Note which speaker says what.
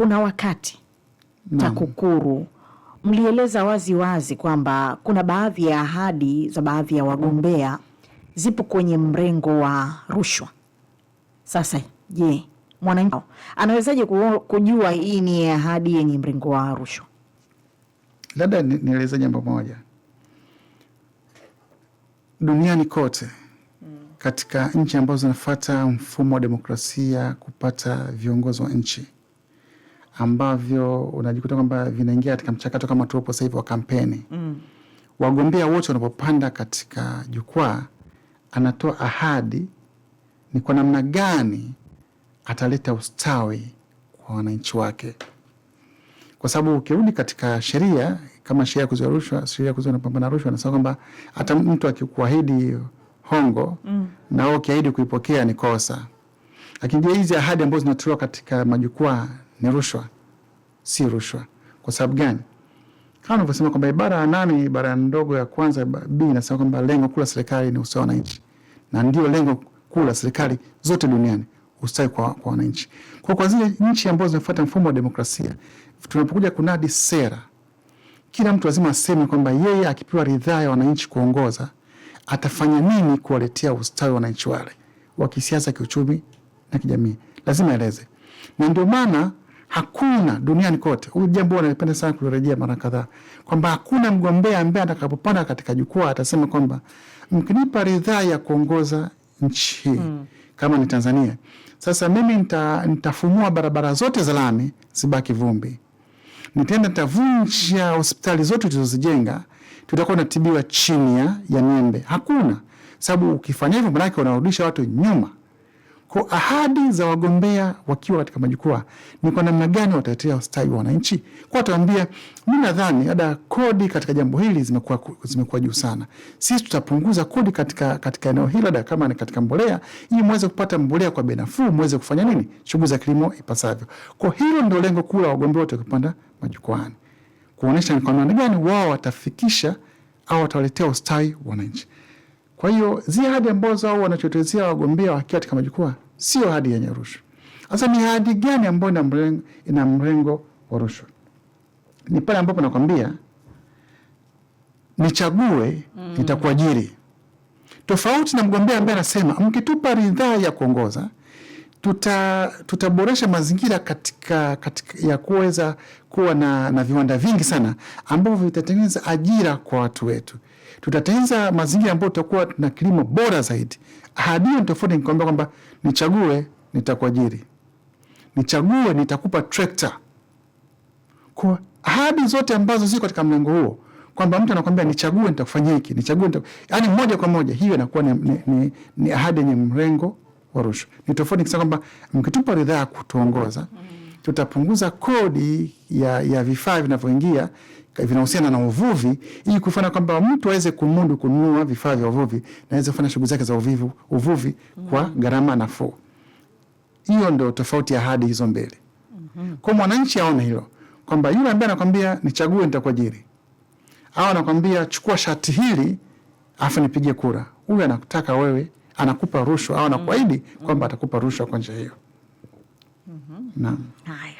Speaker 1: kuna wakati TAKUKURU mlieleza wazi wazi kwamba kuna baadhi ya ahadi za baadhi ya wagombea zipo kwenye mrengo wa rushwa. Sasa je, mwananchi anawezaje kujua hii ni ahadi yenye mrengo wa rushwa?
Speaker 2: Labda nieleze jambo moja. Duniani kote katika nchi ambazo zinafuata mfumo wa demokrasia kupata viongozi wa nchi ambavyo unajikuta kwamba vinaingia katika mchakato kama tuopo sasa hivi wa kampeni mm. Wagombea wote wanapopanda katika jukwaa, anatoa ahadi ni kwa namna gani ataleta ustawi kwa wananchi wake, kwa sababu ukirudi katika sheria kama sheria ya kuzuia rushwa, sheria ya kuzuia kupambana rushwa nasema kwamba hata mtu akikuahidi hongo mm. na ukiahidi kuipokea ni kosa. Lakini je, hizi ahadi ambazo zinatolewa katika majukwaa ni rushwa, si rushwa. Kwa sababu gani? Kama unavyosema kwamba ibara ya nane ibara ya ndogo ya kwanza b inasema kwamba lengo kuu la serikali ni ustawi wa wananchi, na ndio lengo kuu la serikali zote duniani, ustawi kwa, kwa wananchi. Kwa, kwa zile nchi ambazo zinafuata mfumo wa demokrasia, tunapokuja kunadi sera, kila mtu lazima aseme kwamba yeye akipewa ridhaa ya wananchi kuongoza atafanya nini kuwaletea ustawi wa wananchi wale wa kisiasa, kiuchumi na kijamii, lazima eleze, na ndio maana Hakuna duniani kote, Huyu jambo wanalipenda sana kulirejea mara kadhaa, kwamba hakuna mgombea ambaye atakapopanda katika jukwaa atasema kwamba mkinipa ridhaa ya kuongoza nchi hii mm. kama ni Tanzania sasa, mimi nita, nitafumua barabara zote za lami zibaki vumbi, nitaenda nitavunja hospitali zote tulizozijenga, tutakuwa natibiwa chini ya miembe. Hakuna sababu, ukifanya hivyo manake unarudisha watu nyuma kwa ahadi za wagombea wakiwa katika majukwaa ni kwa namna gani watatetea ustawi wa wananchi? Kwa ataambia mi nadhani ada kodi katika jambo hili zimekuwa zimekuwa juu sana, sisi tutapunguza kodi katika katika eneo hilo, ada kama ni katika mbolea, ili muweze kupata mbolea kwa bei nafuu, muweze kufanya nini, shughuli za kilimo ipasavyo. Kwa hilo ndio lengo kuu la wagombea wote wakipanda majukwaani, kuonyesha ni kwa namna gani wao watafikisha au watawaletea ustawi wananchi. Kwa hiyo zile ahadi ambazo au wanachotezea wagombea wakiwa katika majukwaa sio hadi yenye rushwa. Sasa ni hadi gani ambayo ina mrengo, ina mrengo wa rushwa? Ni pale ambapo nakwambia nichague mm. nitakuajiri, tofauti na mgombea ambaye anasema mkitupa ridhaa ya kuongoza tuta, tutaboresha mazingira katika, katika ya kuweza kuwa na, na viwanda vingi sana ambavyo vitatengeneza ajira kwa watu wetu. Tutatengeneza mazingira ambayo tutakuwa na kilimo bora zaidi. Ahadi hiyo tofauti nikwambia kwamba nichague nitakuajiri, nichague nitakupa trekta. Kwa ahadi zote ambazo ziko katika mlengo huo kwamba mtu anakwambia nichague nitakufanyia hiki, nichague, yani moja kwa moja hiyo inakuwa ni, ni, ni, ni ahadi yenye mrengo wa rushwa. Ni tofauti nikisema kwamba mkitupa ridhaa ya kutuongoza tutapunguza kodi ya, ya vifaa vinavyoingia vinahusiana na uvuvi ili kufanya kwamba mtu aweze kumudu kununua vifaa vya uvuvi na aweze kufanya shughuli zake za uvivu, uvuvi kwa gharama nafuu. Hiyo ndio tofauti ya ahadi hizo mbili. Kwa mwananchi aone hilo kwamba yule ambaye anakwambia nichague nitakuajiri au anakwambia chukua shati hili afu nipige kura, huyu anakutaka wewe anakupa rushwa au anakuahidi mm -hmm. kwamba atakupa rushwa kwa njia hiyo. mm -hmm. Naam. Haya.